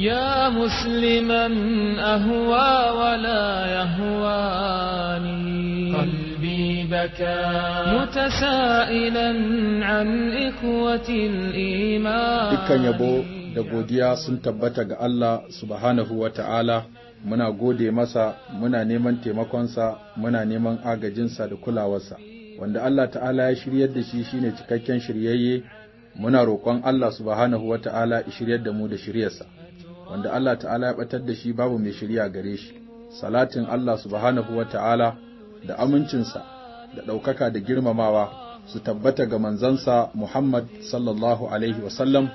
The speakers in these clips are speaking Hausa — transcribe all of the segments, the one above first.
يا مسلما أهوى ولا يهواني قلبي بكى متسائلا عن إخوة الإيمان dukkan yabo da godiya sun tabbata ga Allah subhanahu ta'ala muna gode masa muna neman taimakonsa muna neman agajinsa da kulawarsa wanda Allah ta'ala ya shiryar da shi shine cikakken shiryayye muna roƙon Allah subhanahu wa ta'ala shiryar da mu da shiryarsa wanda Allah ta'ala ya batar da shi babu mai shirya gare shi salatin Allah subhanahu wa ta'ala da amincinsa da ɗaukaka da girmamawa su tabbata ga manzansa Muhammad sallallahu alaihi wasallam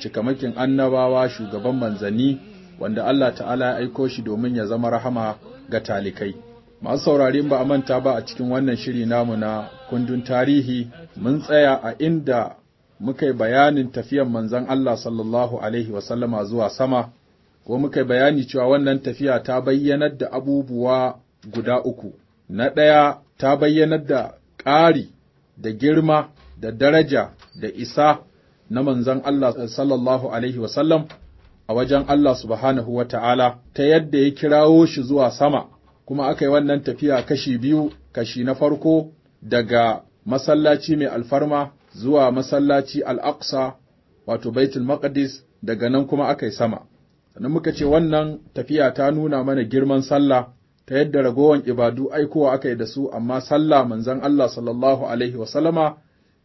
cikamakin annabawa shugaban manzanni wanda Allah ta'ala ya aiko shi domin ya zama rahama ga talikai. Masu saurari ba a manta ba a cikin wannan shiri namu na kundin tarihi mun tsaya a inda muka yi bayanin tafiyan manzan Allah sallallahu alaihi wasallama zuwa sama, ko muka yi bayani cewa wannan tafiya ta bayyanar da abubuwa guda uku. Na ɗaya ta bayyanar da ƙari da girma da daraja da isa na manzan Allah sallallahu alaihi wasallam a wajen Allah subhanahu wa ta'ala ta yadda ya kirawo shi zuwa sama, kuma aka yi wannan tafiya kashi biyu, kashi na farko daga masallaci mai alfarma zuwa masallaci al wato Baitul Maqdis daga nan kuma aka yi sama. Sannan muka ce wannan tafiya ta nuna mana girman sallah ta yadda ragowan ibadu aikowa aka yi da su amma sallah manzan Allah sallallahu alaihi wa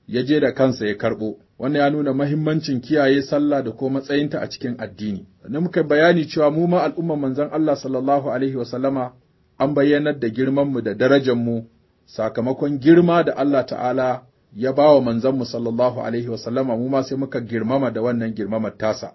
ya je da kansa ya karɓo. Wannan ya nuna mahimmancin kiyaye sallah da ko matsayinta a cikin addini. Sannan muka bayani cewa mu ma al'umman manzan Allah sallallahu alaihi wa an bayyanar da girmanmu da darajarmu sakamakon girma da Allah ta'ala ya ba wa manzanmu sallallahu alaihi wasallama mu ma sai muka girmama da wannan girmamar tasa.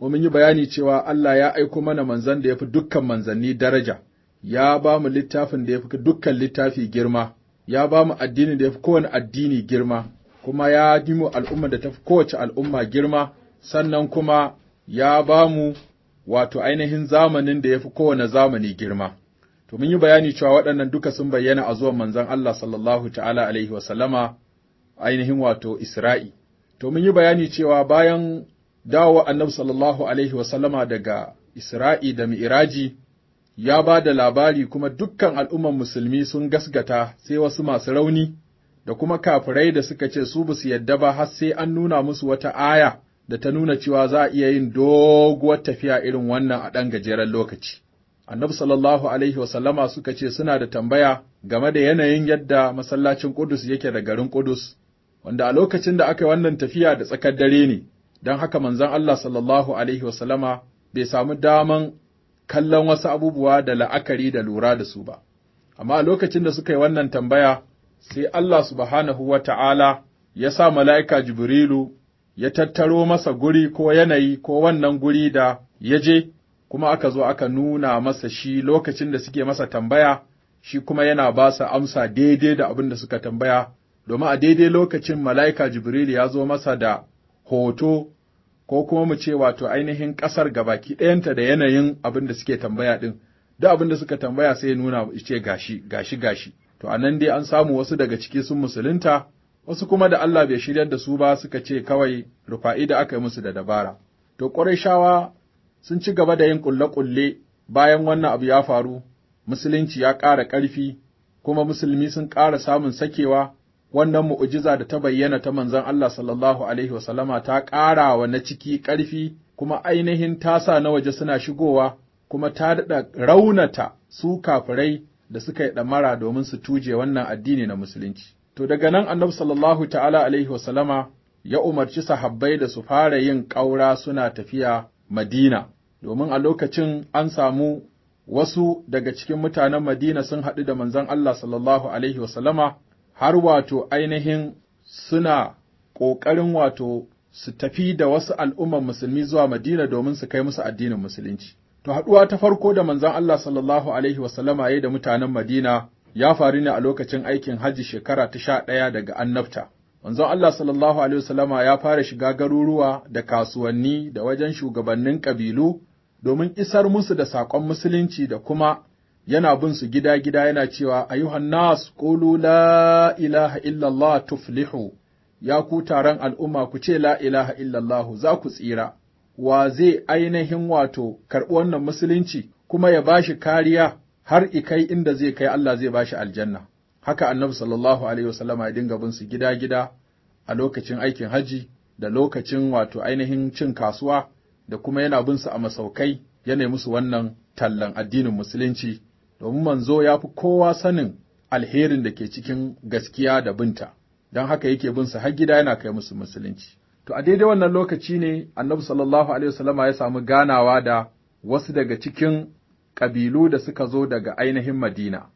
Mun yi bayani cewa Allah ya aiko mana manzan da ya fi dukkan manzanni daraja, ya ba mu littafin da ya fi dukkan littafi girma, ya ba mu addini da ya fi kowane addini girma, kuma ya yi mu al'umma da ta fi kowace al'umma girma, sannan kuma ya ba mu wato ainihin zamanin da ya fi kowane zamani girma. To mun yi bayani cewa waɗannan duka sun bayyana a zuwan manzon Allah sallallahu ta'ala alaihi wa ainihin wato Isra'i. To mun yi bayani cewa bayan dawo annabi sallallahu alaihi wasallama daga Isra'i da Mi'iraji ya ba da labari kuma dukkan al'umman musulmi sun gasgata sai wasu masu rauni da kuma kafirai da suka ce su basu yadda ba har sai an nuna musu wata aya da ta nuna cewa za a iya yin doguwar tafiya irin wannan a ɗan gajeren lokaci. Annabi sallallahu alaihi wasallama suka ce suna da tambaya game da yanayin yadda masallacin Kudus yake da garin Kudus. wanda a lokacin da aka yi wannan tafiya da tsakar dare ne, don haka manzon Allah sallallahu Alaihi wasallama bai samu daman kallon wasu abubuwa da la'akari da lura da su ba. Amma a lokacin da suka yi wannan tambaya, sai Allah subhanahu wa ta'ala ya sa mala'ika Jibrilu ya tattaro masa guri ko yanayi ko wannan guri da ya je, kuma aka zo aka nuna masa shi lokacin da suke masa tambaya, shi kuma yana ba su amsa daidai da abin da suka tambaya domin a daidai lokacin mala'ika Jibril ya zo masa da hoto ko kuma mu ce wato ainihin ƙasar ga baki ɗayanta da yanayin abin da suke tambaya ɗin, duk abin da suka tambaya sai nuna ce gashi, gashi, gashi. To, a nan dai an samu wasu daga ciki sun musulunta, wasu kuma da Allah bai shiryar da su ba suka ce kawai rufa'i da aka yi musu da dabara. To, shawa sun ci gaba da yin ƙulle-ƙulle bayan wannan abu ya faru, musulunci ya ƙara ƙarfi, kuma musulmi sun ƙara samun sakewa, wannan mu'ujiza da ta bayyana ta manzon Allah sallallahu alaihi wasallama ta ƙara wa na ciki ƙarfi kuma ainihin tasa na waje suna shigowa kuma ta daɗa raunata su kafirai da suka yi ɗamara domin su tuje wannan addini na musulunci. To daga nan annabi sallallahu ta'ala alaihi wasallama ya umarci sahabbai da su fara yin ƙaura suna tafiya Madina, domin a lokacin an samu wasu daga cikin mutanen Madina sun haɗu da manzon Allah sallallahu alaihi wasallama har wato ainihin suna ƙoƙarin wato su tafi da wasu al'umman musulmi zuwa Madina domin su kai musu addinin musulunci. To haɗuwa ta farko da manzon Allah sallallahu alaihi wasallama ya da mutanen Madina ya faru ne a lokacin aikin hajji shekara ta sha ɗaya daga annabta. Manzon Allah sallallahu alaihi wasallama ya fara shiga garuruwa da kasuwanni da wajen shugabannin ƙabilu domin isar musu da saƙon musulunci da kuma yana bin su gida-gida yana cewa ayyuhan nas qulu la ilaha illallah tuflihu ya ku taron al'umma ku ce la ilaha illallah za ku tsira wa zai ainihin wato karɓi wannan musulunci kuma ya bashi kariya har ikai inda zai kai Allah zai bashi aljanna haka annabi sallallahu alaihi wasallama ya dinga bin su gida-gida a lokacin aikin haji da lokacin wato ainihin cin kasuwa da kuma yana bin su a masaukai ya yana musu wannan tallan addinin musulunci domin manzo ya fi kowa sanin alherin da ke cikin gaskiya da binta, don haka yake bin su har gida yana kai musu musulunci. To a daidai wannan lokaci ne annabi sallallahu alaihi wasallama ya samu ganawa da wasu daga cikin ƙabilu da suka zo daga ainihin Madina.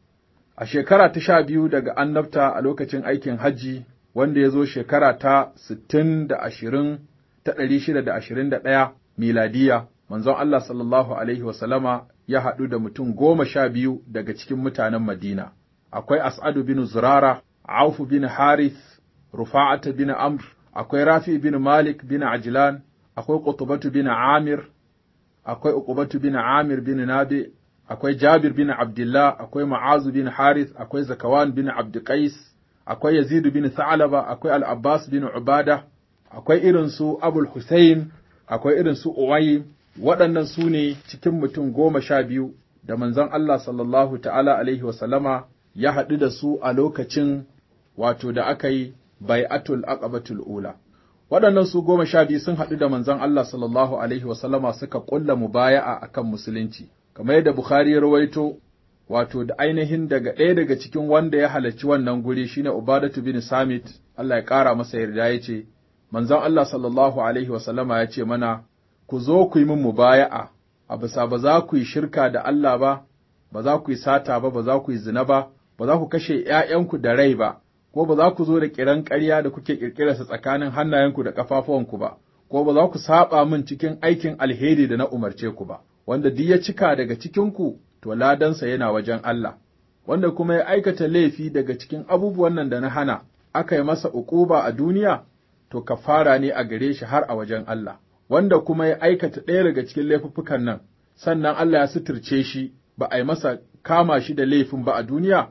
A shekara ta sha biyu daga annabta a lokacin aikin hajji wanda ya zo shekara ta sittin da ashirin ta ɗari shida da ashirin da ɗaya miladiya, manzon Allah sallallahu alaihi wasallama ya haɗu da mutum goma sha biyu daga cikin mutanen Madina, akwai As'adu bin Zurara, aufu bin Haris. Rufa'ata bin Amr, akwai Rafi bin Malik bin Ajilan. akwai Ƙutubatu bin Amir, akwai Uqbatu bin Amir bin Nabi, akwai Jabir bin Abdullah, akwai Ma'azu bin Haris. akwai Zakawan bin Abdulqais, akwai Yazidu bin Sa'alaba, akwai Al-Abbas bin Ubada, akwai irin su Abul Hussein, akwai irin su waɗannan su ne cikin mutum goma sha biyu da manzon Allah sallallahu ta'ala alaihi wasallama ya haɗu da su a lokacin wato da aka yi bai'atul aqabatul ula. Waɗannan su goma sha biyu sun haɗu da manzon Allah sallallahu alaihi wasallama suka ƙulla a akan musulunci, kamar yadda Bukhari ya rawaito wato da ainihin daga ɗaya daga cikin wanda ya halarci wannan guri shine Ubadatu bin Samit, Allah ya ƙara masa yarda ya ce, manzon Allah sallallahu alaihi wasallama ya ce mana ku zo ku yi min mubaya'a, a bisa ba za ku yi shirka da Allah ba, ba za ku yi sata ba, ba za ku yi zina ba, ba za ku kashe ’ya'yanku da rai ba, ko ba za ku zo da ƙiran ƙarya da kuke ƙirƙirarsa tsakanin hannayenku da ƙafafuwanku ba, ko ba za ku saɓa min cikin aikin alheri da na umarce ku ba, wanda duk ya cika daga cikinku, to ladansa yana wajen Allah. Wanda kuma ya aikata laifi daga cikin abubuwan nan da na hana, aka yi masa uquba a duniya, to kafara ne a gare shi har a wajen Allah. wanda kuma ya aikata ɗaya daga cikin laifuffukan nan, sannan Allah ya suturce shi ba a yi masa kama shi da laifin ba a duniya,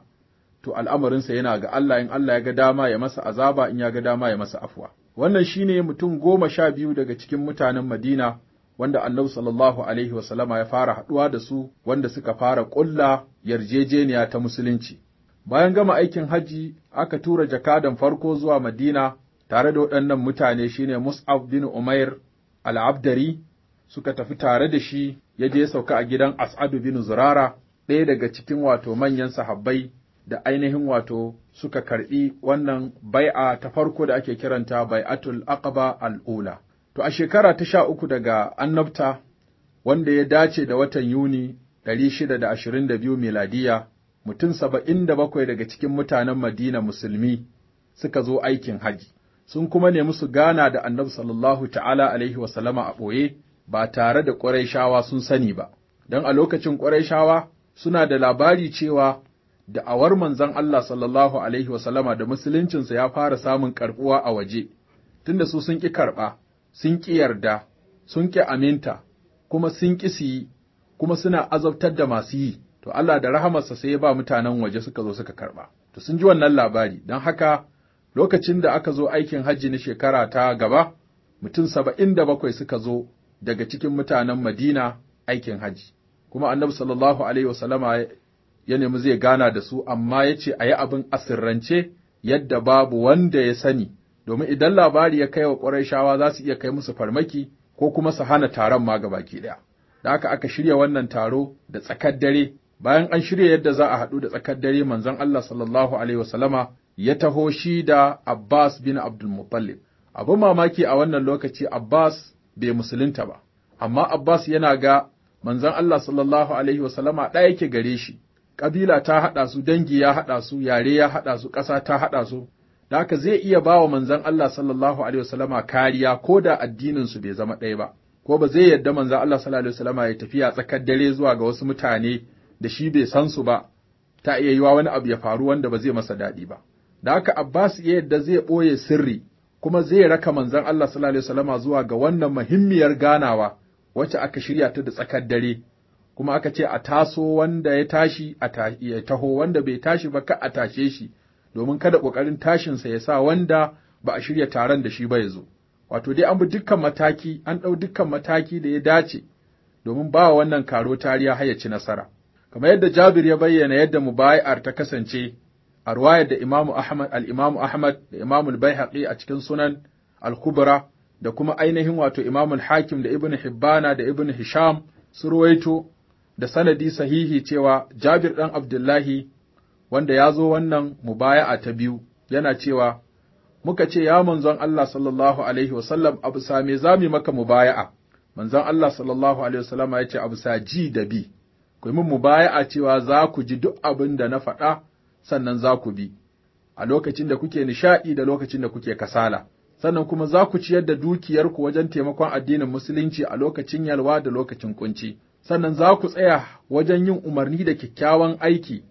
to al'amarinsa yana ga Allah in Allah ya ga dama ya masa azaba in ya ga dama ya masa afuwa. Wannan shi ne mutum goma sha biyu daga cikin mutanen Madina wanda Annabi sallallahu Alaihi wasallama ya fara haɗuwa da su wanda suka fara ƙulla yarjejeniya ta musulunci. Bayan gama aikin hajji aka tura jakadan farko zuwa Madina tare da waɗannan mutane shine Mus'ab bin Umair al'abdari suka tafi tare da shi ya je sauka a gidan As'adu bin Zurara, ɗaya daga cikin wato manyan sahabbai da ainihin wato suka karɓi wannan bai'a ta farko da ake kiranta bai'atul aqaba al'ula. To a shekara ta sha uku daga annabta wanda ya dace da watan Yuni ɗari shida da ashirin da biyu miladiya, mutum saba'in da bakwai daga cikin mutanen Madina musulmi suka zo aikin haji. sun kuma nemi su gana da annabi sallallahu ta'ala alaihi wasallama a ɓoye ba tare da ƙwarai shawa sun sani ba, don a lokacin ƙwarai shawa, suna da labari cewa da awar manzon Allah sallallahu Alaihi wasallama da musuluncinsa ya fara samun karɓuwa a waje, tunda su sun ƙi karɓa, sun ƙi yarda, sun ƙi aminta, kuma sun ƙi su kuma suna azabtar da masu yi, to Allah da rahamarsa sai ya ba mutanen waje suka zo suka karɓa. To sun ji wannan labari, don haka lokacin da aka zo aikin hajji na shekara ta gaba, mutum saba'in da bakwai suka zo daga cikin mutanen Madina aikin hajji, kuma annabi sallallahu Alaihi wasallama ya nemi zai gana da su, amma ya ce a yi abin asirrance yadda babu wanda ya sani, domin idan labari ya kai wa ƙwarai za su iya kai musu farmaki ko kuma su hana taron ma baki ɗaya. Da haka aka shirya wannan taro da tsakar dare, bayan an shirya yadda za a haɗu da tsakar dare manzon Allah sallallahu Alaihi wasallama ya taho shi da Abbas bin Abdulmuttalib. Abin mamaki a wannan lokaci Abbas bai musulunta ba, amma Abbas yana ga manzon Allah sallallahu Alaihi wasallama ɗaya yake gare shi, ƙabila ta haɗa su, dangi ya haɗa su, yare ya haɗa su, ƙasa ta haɗa su, da haka zai iya ba wa manzon Allah sallallahu Alaihi wasallama kariya ko da addininsu bai zama ɗaya ba, ko ba zai yarda manzon Allah sallallahu Alaihi wasallama ya tafiya tsakar dare zuwa ga wasu mutane da shi bai san su ba, ta iya yiwa wani abu ya faru wanda ba zai masa daɗi ba. da haka Abbas ya yadda zai ɓoye sirri kuma zai raka manzon Allah sallallahu zuwa ga wannan muhimmiyar ganawa wacce aka shirya ta da tsakar dare kuma aka ce a taso wanda ya tashi ya taho wanda bai tashi ba ka a tashe shi domin kada ƙoƙarin tashinsa ya sa wanda ba a shirya taron da shi ba ya zo wato dai an bi dukkan mataki an ɗau dukkan mataki da ya dace domin ba wannan karo tariya hayyaci ci nasara kamar yadda Jabir ya bayyana yadda mubayar ta kasance a ruwayar da Imamu Ahmad al-Imamu Ahmad da Imamu al-Baihaqi a cikin Sunan al-Kubra da kuma ainihin wato Imamu al-Hakim da Ibn Hibbana da Ibn Hisham su ruwaito da sanadi sahihi cewa Jabir dan Abdullahi wanda ya zo wannan mubaya'a ta biyu yana cewa muka ce ya manzon Allah sallallahu alaihi sallam abu same zami maka mubaya'a manzon Allah sallallahu alaihi sallam ya ce abu sa ji da bi ku yi mubaya'a cewa za ku ji duk abin da na faɗa sannan za ku bi, a lokacin da kuke nishaɗi da lokacin da kuke kasala, sannan kuma za ku ciyar da dukiyarku wajen taimakon addinin musulunci a lokacin yalwa da lokacin kunci, sannan za ku tsaya wajen yin umarni da kyakkyawan aiki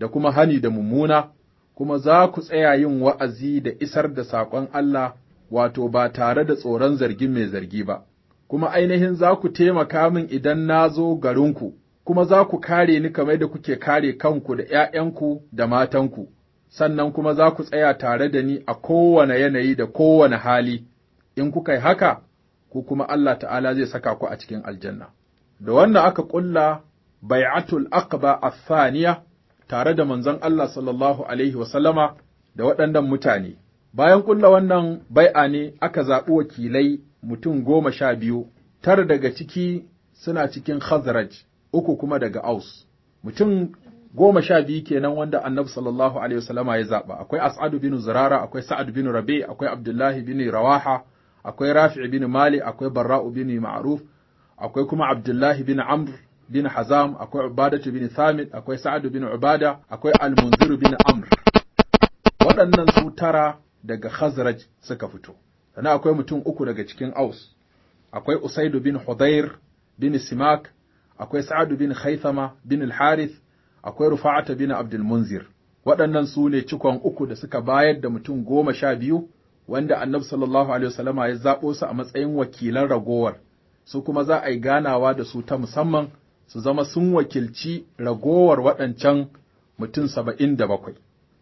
da kuma hani da mummuna, kuma za ku tsaya yin wa'azi da isar da saƙon Allah wato ba tare da tsoron zargi mai zargi ba, kuma ainihin za ku taimaka min idan na zo garinku, kuma za ku kare ni kamar da kuke kare kanku da ’ya'yanku da matanku, sannan kuma za ku tsaya tare da ni a kowane yanayi da kowane hali, in kuka yi haka, ku kuma Allah ta'ala zai saka ku a cikin aljanna. Da wannan aka ƙulla bai'atul aqba saniya tare da manzon Allah sallallahu alaihi wasallama da waɗannan mutane. Bayan ƙulla wannan bai'a ne aka zaɓi wakilai mutum goma sha biyu, tara daga ciki suna cikin Khazraj, uku kuma daga Aus. Mutum goma sha biyu kenan wanda annabi sallallahu alaihi wasallama ya zaɓa akwai as'adu bin zurara akwai sa'ad bin rabi akwai abdullahi bin rawaha akwai rafi' bin mali akwai barra'u bin ma'ruf akwai kuma abdullahi bin amr bin hazam akwai ubadatu bin thamit akwai sa'ad bin ubada akwai al munziru bin amr waɗannan su tara daga khazraj suka fito sannan akwai mutum uku daga cikin aus akwai usaidu bin hudair bin simak akwai Sa'adu bin Haithama bin Al-Harith, akwai Rufa'ata bin Abdul Munzir. Waɗannan su ne cikon uku da suka bayar da mutum goma sha biyu, wanda Annabi sallallahu Alaihi wasallama ya zaɓo su a matsayin wakilan ragowar, su kuma za a yi ganawa da su ta musamman su zama sun wakilci ragowar waɗancan mutum saba'in da bakwai.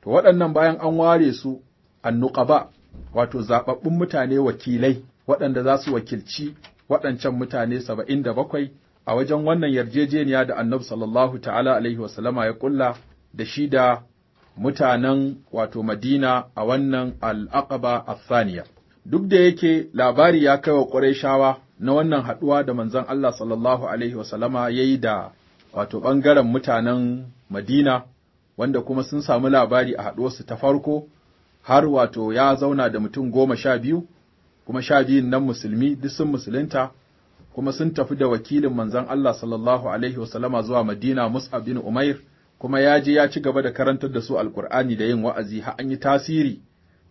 To waɗannan bayan an ware su annuƙaba, wato zaɓaɓɓun mutane wakilai waɗanda za su wakilci waɗancan mutane saba'in da bakwai a wajen wannan yarjejeniya da annabi sallallahu ta'ala alaihi wasallama ya kulla da shi da mutanen wato Madina a wannan al'aqaba saniya. Duk da yake labari ya kai wa shawa na wannan haɗuwa da manzon Allah sallallahu alaihi wasallama ya yi da wato ɓangaren mutanen Madina, wanda kuma sun samu labari a haɗuwarsu ta farko, har wato ya zauna da mutum goma sha biyu, kuma sha biyun nan musulmi duk musulunta, kuma sun tafi da wakilin manzon Allah sallallahu alaihi wasallama zuwa Madina Mus'ab bin Umair kuma ya je ya ci gaba da karantar da su Alkur'ani da yin wa'azi har an yi tasiri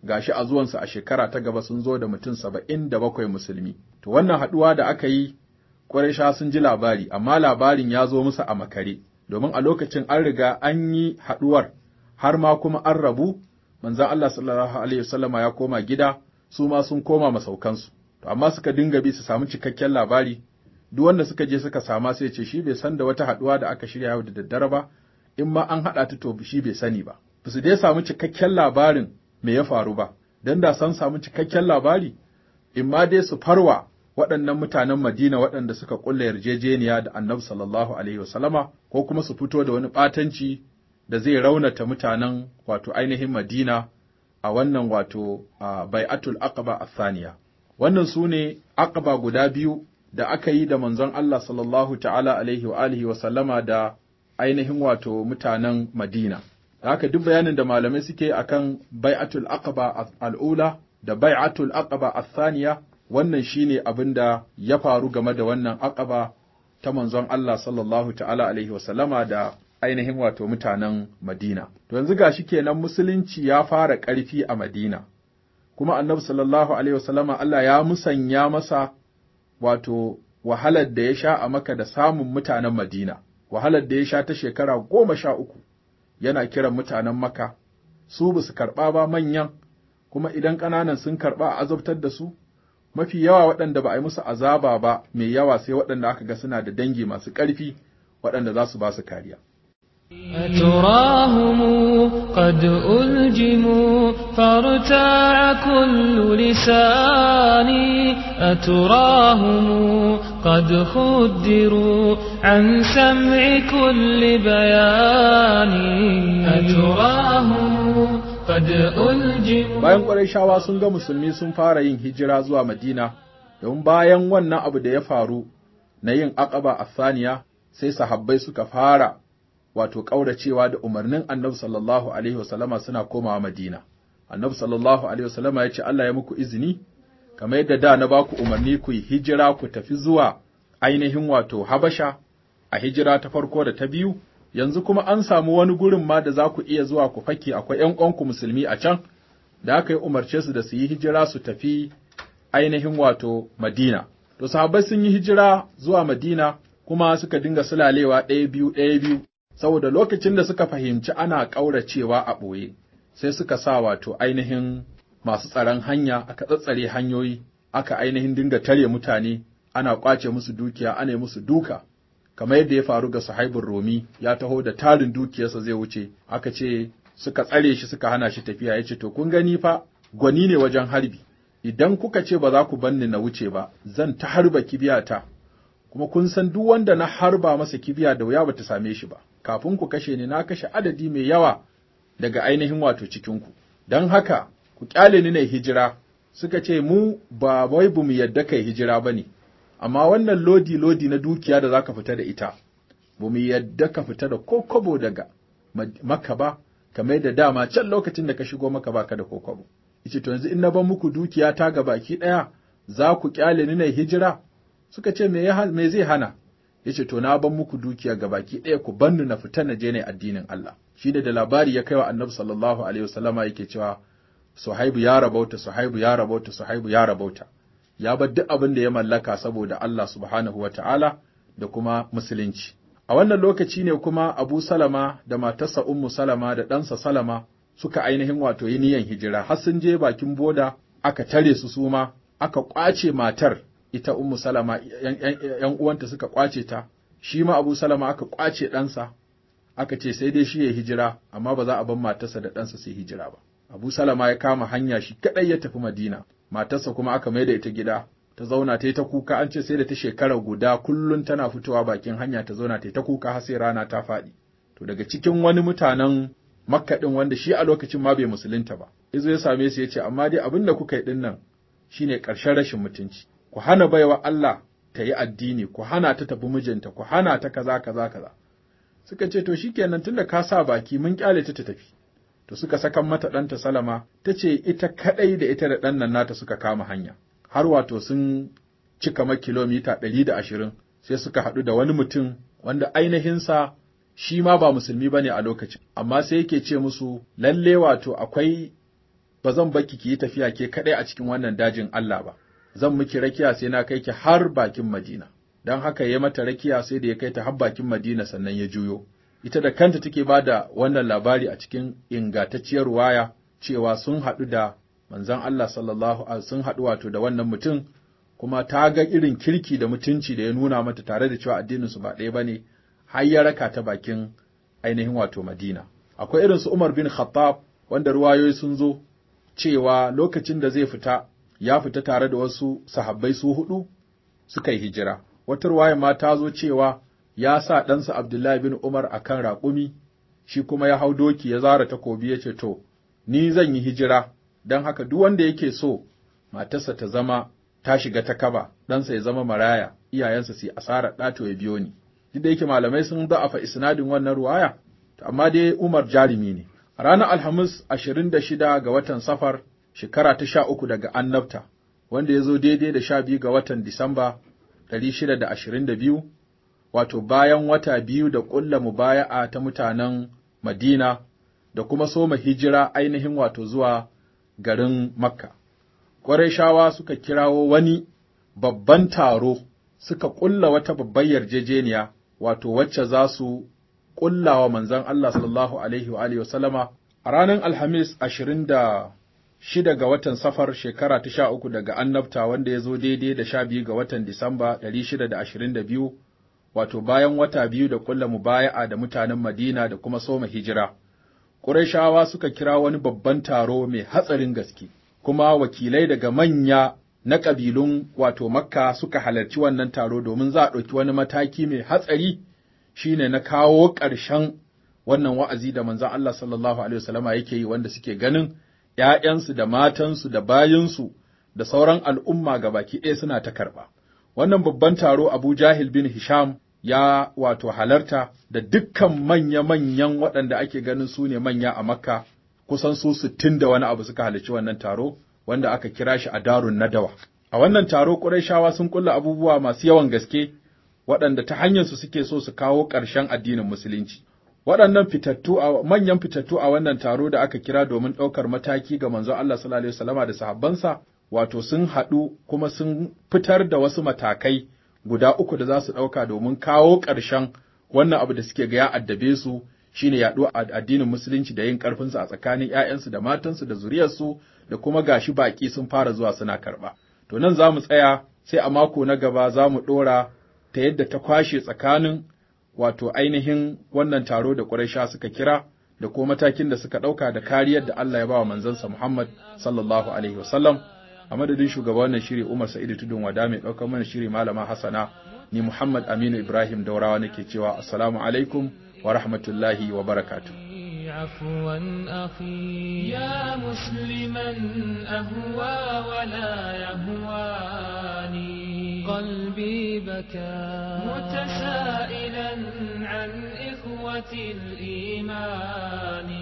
gashi a zuwansa a shekara ta gaba sun zo da mutum saba'in da bakwai musulmi. To wannan haɗuwa da aka yi Quraysha sun ji labari, amma labarin ya zo musu a makare, domin a lokacin an riga an yi haɗuwar har ma kuma an rabu, manzon Allah sallallahu alaihi wasallama ya koma gida, su ma sun koma masaukansu. to amma suka dinga bi su samu cikakken labari duk wanda suka je suka sama sai ce shi bai san da wata haɗuwa da aka shirya yau da daddare ba in ma an haɗa ta to shi bai sani ba ba su dai samu cikakken labarin me ya faru ba dan da san samu cikakken labari in ma dai su farwa waɗannan mutanen Madina waɗanda suka kulle yarjejeniya da Annabi sallallahu alaihi wasallama ko kuma su fito da wani ɓatanci da zai raunata mutanen wato ainihin Madina a wannan wato bai'atul aqaba athaniya wannan su ne aqaba guda biyu da aka yi da manzon Allah sallallahu ta'ala alaihi wa alihi wa sallama da ainihin wato mutanen Madina. Da haka duk bayanin da malamai suke akan bai'atul aqaba al'ula da bai'atul aqaba saniya wannan shine abin da ya faru game da wannan aqaba ta manzon Allah sallallahu ta'ala alaihi wa sallama da ainihin wato mutanen Madina. To yanzu gashi kenan musulunci ya fara ƙarfi a Madina. kuma annabi sallallahu alaihi wasallama Allah ya musanya masa wato wahalar da ya sha a maka da samun mutanen Madina, wahalar da ya sha ta shekara goma sha uku yana kiran mutanen maka, su ba su karɓa ba manyan, kuma idan ƙananan sun karɓa a azabtar da su, mafi yawa waɗanda ba a yi musu azaba ba mai yawa sai waɗanda aka ga suna da dangi masu ƙarfi waɗanda za su ba su kariya. تراهم قد ألجموا a كل لساني أتراهم قد خدروا عن سمع كل بياني أتراهم قد ألجموا bayan Qurayshawa sun ga musulmi sun fara yin hijira zuwa Madina don bayan wannan abu da ya faru na yin aƙaba a saniya sai sahabbai suka fara wato ƙauracewa da umarnin annabi sallallahu alaihi wasallama suna komawa madina annabi sallallahu alaihi wasallama ya ce Allah ya muku izini kamar yadda da na baku umarni ku yi hijira ku tafi zuwa ainihin wato habasha a hijira ta farko da ta biyu yanzu kuma an samu wani gurin ma da za ku iya zuwa ku fake akwai ƴan uwanku musulmi a can, da aka yi umarce su da su yi hijira su tafi ainihin wato Madina. To, sahabbai sun yi hijira zuwa Madina kuma suka dinga sulalewa ɗaya biyu ɗaya biyu saboda lokacin da suka fahimci ana ƙauracewa a ɓoye, sai suka sa wato ainihin masu tsaron hanya aka tsatsare hanyoyi, aka ainihin dinga tare mutane, ana ƙwace musu dukiya, ana yi musu duka. Kamar yadda ya faru ga sahibin Romi, ya taho da tarin dukiyarsa zai wuce, aka ce suka tsare shi suka hana shi tafiya, ya ce, To, kun gani fa, gwani ne wajen harbi, idan kuka ce ba za ku banni na wuce ba, zan ta harba kibiyata, kuma kun san duk wanda na harba masa kibiya da wuya ba ta same shi ba. kafin ku kashe ni na kashe adadi mai yawa daga ainihin wato cikinku, don haka ku ƙyale ni na hijira, suka ce mu ba wai mu yadda kai hijira ba ne, amma wannan lodi-lodi na dukiya da za ka fita da ita, bu mu yadda ka fita da kokobo daga maka ba, kamar da dama can lokacin da ka shigo maka ka da kokobo. Ice to yanzu in na bar muku dukiya ta ga baki ɗaya, za ku ƙyale ni na hijira, suka ce me zai hana, Ya ce to na ban muku dukiya ga baki ɗaya ku bannu na fita na je ne addinin Allah Shi da labari ya kai wa Annabi sallallahu alaihi wasallama yake cewa Suhaibu ya rabauta Suhaibu ya rabauta Suhaibu ya rabauta ya bar duk abin da ya mallaka saboda Allah subhanahu wata'ala da kuma musulunci a wannan lokaci ne kuma Abu Salama da matarsa Ummu Salama da ɗansa Salama suka ainihin wato yi niyan hijira har sun je bakin boda aka tare su suma aka kwace matar ita Ummu Salama ‘yan uwanta suka kwace ta, shi ma Abu Salama aka kwace ɗansa, aka ce sai dai shi ya hijira, amma ba za a bar matarsa da ɗansa su hijira ba. Abu Salama ya kama hanya shi kaɗai ya tafi Madina, matarsa kuma aka maida ita gida, ta zauna ta yi ta kuka an ce sai da ta shekara guda kullum tana fitowa bakin hanya ta zauna ta yi ta kuka har sai rana ta faɗi. To daga cikin wani mutanen Makka ɗin wanda shi a lokacin ma bai musulunta ba, izo ya same su ya ce amma dai abin da kuka yi ɗin nan shine ƙarshen rashin mutunci. ku hana baiwa Allah ta yi addini, ku hana ta tafi mijinta, ku hana ta kaza kaza kaza. Suka ce, To shi kenan tunda ka sa baki mun kyale ta ta tafi. To suka sakan mata ɗanta Salama, ta ce ita kaɗai da ita da ɗan nan nata suka kama hanya. Har wato sun ci kama kilomita ɗari da ashirin, sai suka haɗu da wani mutum wanda ainihinsa shi ma ba musulmi ba ne a lokacin, amma sai yake ce musu, lalle wato akwai ba zan baki ki yi tafiya ke kaɗai a cikin wannan dajin Allah ba. zan miki rakiya sai na kai ki har bakin Madina. Don haka ya mata rakiya sai da ya kai ta har bakin Madina sannan ya juyo. Ita da kanta take ba da wannan labari a cikin ingantacciyar waya cewa sun haɗu da manzon Allah sallallahu alaihi sun haɗu wato da wannan mutum kuma ta ga irin kirki da mutunci da ya nuna mata tare da cewa addinin su ba ɗaya bane har ya raka ta bakin ainihin wato Madina. Akwai irin su Umar bin Khattab wanda ruwayoyi sun zo cewa lokacin da zai fita ya fita tare da wasu sahabbai su hudu suka yi hijira. Wata ruwaya ma ta zo cewa ya sa ɗansa Abdullahi bin Umar a kan raƙumi, shi kuma ya hau doki ya zara takobi ya ce, To, ni zan yi hijira, don haka duk wanda yake so matarsa ta zama ta shiga ta kaba, ɗansa ya zama maraya, iyayensa su yi asarar ɗato ya biyo ni. Duk da yake malamai sun da'afa isnadin wannan ruwaya, amma dai Umar jarumi ne. A ranar Alhamis ashirin da shida ga watan Safar shekara ta sha uku daga annabta, wanda ya zo daidai da sha biyu ga watan Disamba ɗari shida da ashirin da biyu, wato bayan wata biyu da ƙulla mubaya'a ta mutanen Madina da kuma soma hijira ainihin wato zuwa garin Makka. Ƙwarai suka kirawo wani babban taro suka ƙulla wata babbar yarjejeniya, wato wacce za su ƙulla wa manzan Allah sallallahu Alaihi wa sallama a ranar Alhamis ashirin da shida ga watan safar shekara ta sha uku daga annabta wanda ya zo daidai da sha biyu ga watan Disamba ɗari shida da ashirin da biyu, wato bayan wata biyu da ƙulla mubaya'a da mutanen Madina da kuma soma hijira. Ƙurashawa suka kira wani babban taro mai hatsarin gaske, kuma wakilai daga manya na ƙabilun wato Makka suka halarci wannan taro domin za a ɗauki wani mataki mai hatsari shine na kawo ƙarshen wannan wa'azi da manzon Allah sallallahu alaihi wasallama yake yi wanda suke ganin ’ya'yansu da matansu da bayansu, da sauran al'umma ga baki ɗaya suna ta karɓa. Wannan babban taro Abu Jahil bin Hisham ya wato halarta da dukkan manya-manyan waɗanda ake ganin su ne manya a Makka, kusan su sittin da wani abu suka halarci wannan taro, wanda aka kira shi a darun na dawa. A wannan taro Qurayshawa sun kulla abubuwa masu yawan gaske waɗanda ta hanyarsu suke so su kawo ƙarshen addinin Musulunci. Waɗannan fitattu a manyan fitattu a wannan taro da aka kira domin ɗaukar mataki ga manzon Allah sallallahu alaihi wasallama da sahabbansa wato sun haɗu kuma sun fitar da wasu matakai guda uku da za su ɗauka domin kawo ƙarshen wannan abu da suke ga ya addabe su shine yaɗo addinin musulunci da yin ƙarfinsu a tsakanin ‘ya'yansu da matansu da zuriyarsu da kuma gashi baƙi sun fara zuwa suna karɓa. To nan za mu tsaya sai a mako na gaba za mu ɗora ta yadda ta kwashe tsakanin wato ainihin wannan taro da Quraysha suka kira da ko matakin da suka ɗauka da kariyar da Allah ya ba wa manzansa Muhammad sallallahu alaihi wasallam a madadin shugaban wannan shiri Umar Sa'idu Tudun Wada mai ɗaukar mana shiri Malama Hassana ni Muhammad Aminu Ibrahim Daurawa nake cewa assalamu alaikum wa rahmatullahi wa barakatuh قلبي بكى متسائلا عن إخوة الإيمان